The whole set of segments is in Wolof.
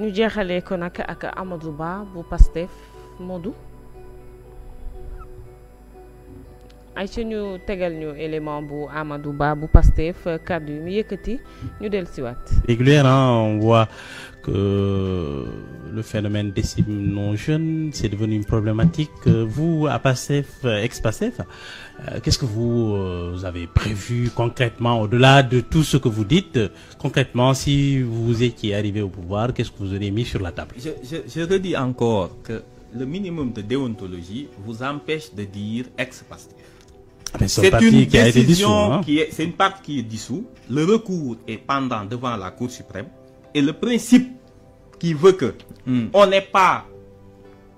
ñu jeexalee ko nag ak Amadou Ba bu Pastef Modou ay ci tegal ñu élément bu Amadou Ba bu Pastef euh, kàddu yu mu yëkkati ñu del siwaat régulière on voit que euh, le phénomène des cibles non jeunes c'est devenu une problématique euh, vous à Pastef ex-Pastef qu'est-ce que vous avez prévu concrètement au-delà de tout ce que vous dites concrètement si vous étiez arrivé au pouvoir qu'est-ce que vous auriez mis sur la table je redis encore que le minimum de déontologie vous empêche de dire ex-Pastef Ah, c'est une qui a été dissous, hein? qui est, c'est une partie qui est dissous. Le recours est pendant devant la Cour suprême. Et le principe qui veut que mm. on n'est pas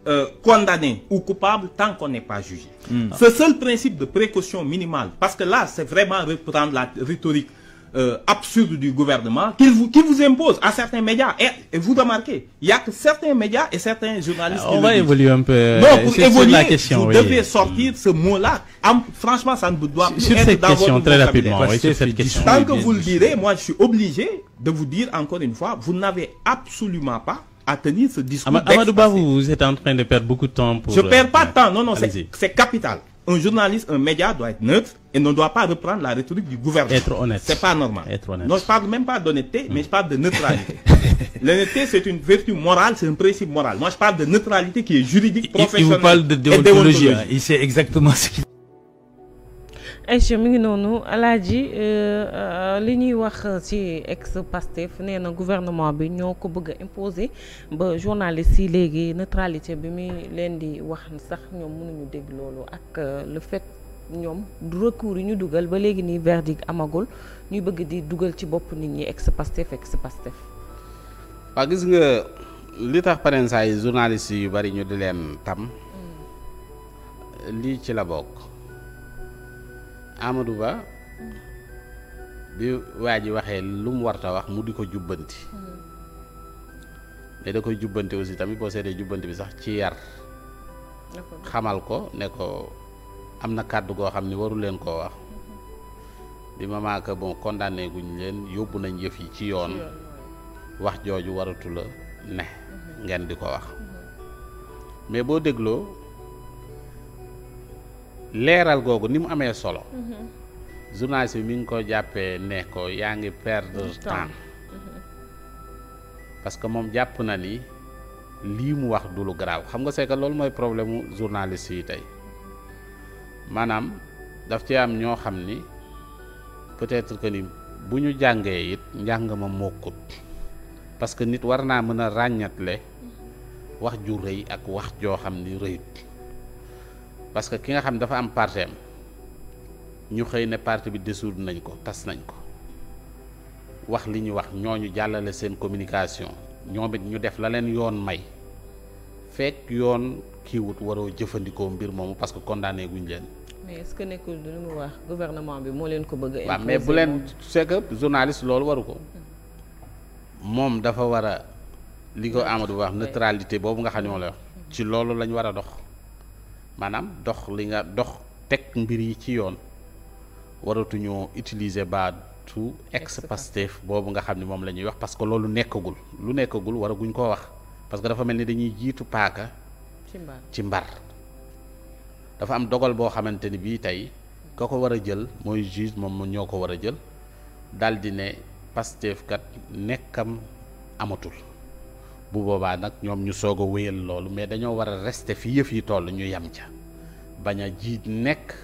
euh, condamné ou coupable tant qu'on n'est pas jugé. Mm. Ce seul principe de précaution minimale, parce que là, c'est vraiment reprendre la rhétorique euh, absurde du gouvernement qui vous impose à certains médias. Et, vous remarquez, il n'y a que certains médias et certains journalistes Alors, ah, qui On va évoluer un peu. Non, euh, la question, vous oui. devez sortir ce mot-là. Franchement, ça ne vous direz, je suis obligé de vous dire encore une fois, vous n'avez absolument pas à tenir ce discours. Amadouba, en train de perdre Je perds euh, pas temps, non, c'est capital. un journaliste, un média doit être neutre et ne doit pas reprendre la rhétorique du gouvernement. C'est pas normal. Être honnête. même pas d'honnêteté, mais je parle de neutralité. L'honnêteté, c'est une vertu morale, c'est un principe moral. Moi, je parle de neutralité qui est juridique, professionnelle. Il, il vous parle de déontologie. Il sait exactement ce qu'il Aïcha mi ngi noonu alaaji euh, euh, li ñuy wax ci ex Pastef nee na gouvernement bi ñoo ko bëgg a ba journaliste yi léegi neutralité bi muy leen di wax sax ñoom mënuñu dégg loolu ak euh, le fait ñoom recours yu ñu dugal ba léegi nii verdict amagul ñu bëgg di dugal ci bopp nit ñi ex Pastef ex Pastef. waa gis nga li tax parrainage journaliste yu bari ñu di leen tam. Mm. lii ci la bokk. Amadou Ba bi waa ji waxee lu mu warta wax mu di ko jubbanti mais da koy jubbanti aussi tamit boo seetee jubbanti bi sax ci yar xamal ko ne ko am na kàddu goo xam ni waru leen koo wax bi ma maaka bon condamné guñ leen yóbbu nañ yëf yi ci yoon wax jooju waratu la ne mhm. ngeen di ko wax mhm. mais boo dégloo leeral googu ni mu amee solo mhm. journaliste bi mi ngi ko jàppee ne ko yaa ngi perdre mmh, temps parce que moom jàpp na ni lii mu wax du lu xam nga c'est loolu mooy problème mu journaliste yi tey maanaam daf ci am ñoo xam ni peut-être ni bu ñu jàngee it njàng ma mokkut parce que nit war naa mën a ràññatle mmh. wax ju rëy ak wax joo xam ni rëyut parce que ki nga xam ne dafa am parti ñu xëy ne parte bi dissoudre nañ ko tas nañ ko wax li ñuy wax ñoo ñu jàllale seen communication ñoom it ñu def la leen yoon may fekk yoon kiiwut waroo jëfandikoo mbir moom parce que condamné guñ leen. mais est-ce que nekkul lu mu wax gouvernement bi moo leen ko bëgg waaw mais bu leen c'est que loolu waru ko moom dafa war a li ko Amadou wax neutralité boobu nga xam ne moom la wax ci loolu lañ war a dox. maanaam dox li nga dox teg mbir yi ci yoon waratuñoo utiliser baatu ex Pastef boobu nga xam ne moom la ñuy wax parce que loolu nekkagul lu nekkagul waraguñ koo wax parce que dafa mel ni dañuy jiitu paaka ci mbar dafa am dogal boo xamante ni bii tey ka ko war a jël mooy juge moom ñoo ko war a jël daldi ne Pastef kat nekkam amatul bu boobaa nag ñoom ñu soog a wéyal loolu mais dañoo war a rester fi yëf yi toll ñu yem ca bañ a jiit nekk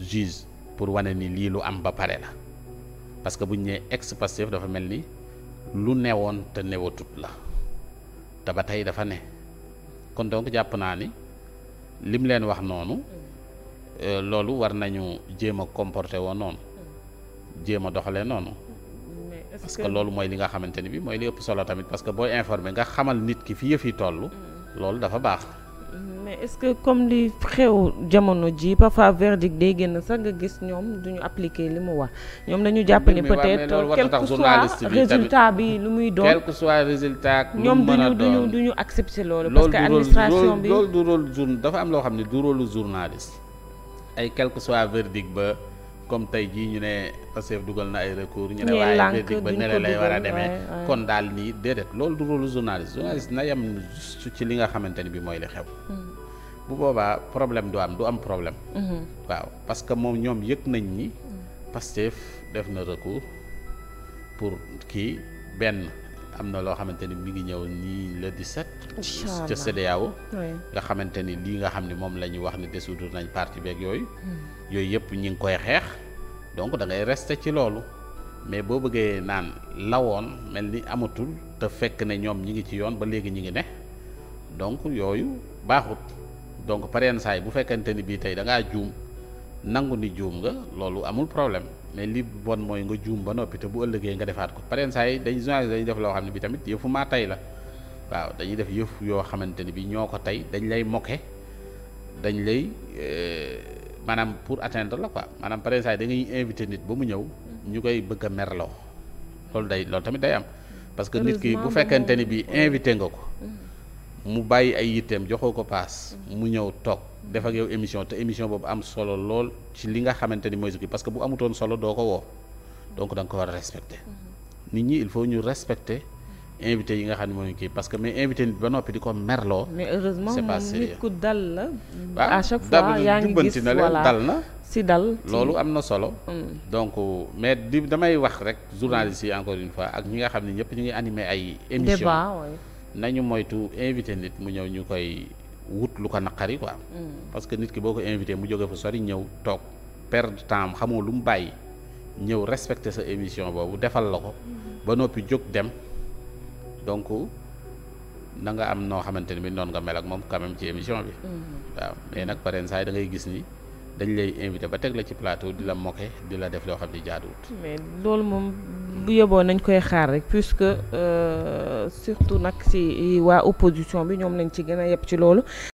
juge pour wane ni lii lu am ba pare la parce que bu ñu nee ex-Pastef dafa mel ni lu newoon te newatut la te tey dafa ne kon donc jàpp naa ni lim leen wax noonu euh, loolu war nañu jéem a comporter woon noonu jéem a doxalee noonu. parce que loolu mooy li nga xamante ni bi mooy li ëpp solo tamit parce que booy informé nga xamal nit ki fi yëf yi toll mm. loolu dafa baax mais est-ce que comme li xew jamono ji parfois verdict day génn sax nga gis ñoom duñu appliquer li mu wax ñoom dañu jàpp ni peut-être quel que soit résultat bi lu muy doon quel que soit résultat ñoom duñu duñu duñu accepter loolu parce que administration bi loolu dafa am loo xam ne du rôle journaliste ay quel que soit verdict ba comme tey jii ñu ne Pastef dugal na ay recours ñu ne waaye verdict ba nele lay war a demee kon daal nii déedéet loolu du rôle journaliste journaliste na yem su ci li nga xamante ni bi mooy li xew hmm. bu boobaa problème du am du am problème hmm. waaw parce que moom ñoom yëg nañ ni hmm. Pastef def na recours pour kii benn am na loo xamante ni mi ngi ñëw nii le di set allah ca CEDEAO nga xamante ni lii nga xam ni moom la ñu wax ni dissoudre nañ parti beeg yooyu. Hmm. yooyu yëpp ñi ngi koy xeex. donc da reste ci loolu. mais boo bëggee naan lawoon mel ni amatul te fekk ne ñoom ñi ngi ci yoon ba léegi ñi ngi ne donc yooyu baaxut donc pareen saay bu fekkente ni bii tey da ngaa juum nangu ni juum nga loolu amul problème. mais li bon mooy nga juum ba noppi te bu ëllëgee nga defaat ko pareen saa yi dañ journaliste dañuy def loo xam ne bi tamit yëfu maa tey la waaw dañuy def yëf yoo xamante ne bi ñoo ko tey dañ lay moquer dañ lay euh, maanaam pour atteindre la quoi maanaam pareen saa yi da ngay invité nit ba mu ñëw ñu koy bëgg a merloo loolu day loolu tamit day am parce que nit ki bu fekkente ne bi invité nga ko mu bàyyi ay yitteem joxoo ko paas mu ñëw toog def ak yow émission te émission boobu am solo lool ci li nga xamante ni mooy sukki parce que bu amutoon solo doo ko woo donc danga ko war a respecter mm-hmm. nit ñi il faut ñu respecter invité yi nga xam ne mooy kii parce que mais invité nit ba noppi di ko merloo. mais heureusement moom nit ku dal la. à chaque fois yaa ngi gis voilà dal na. si dal loolu am na solo. Mm. donc mais di damay wax rek journaliste yi encore une fois ak ñi nga xam ne ñëpp ñu ngi animé ay. nañu moytu invité nit mu ñëw ñu koy wut lu ko naqari quoi. Mm. parce que nit ki boo ko invité mu jóge fa sori ñëw toog perdre temps xamoo lu mu bàyyi ñëw respecter sa émission boobu defal la ko. ba mm-hmm. noppi jóg dem donc nanga am noo xamante ne bi noonu nga mel ak moom quand ci émission bi. Mm-hmm. waaw mais nag pareen saa yi da ngay gis nii dañ lay invité ba teg la ci plateau di la moquer di la def loo xam di jaaduwut. mais loolu moom bu yeboon nañ koy xaar rek puisque euh, surtout nag ci waa opposition bi ñoom lañ ci gën a yeb ci loolu.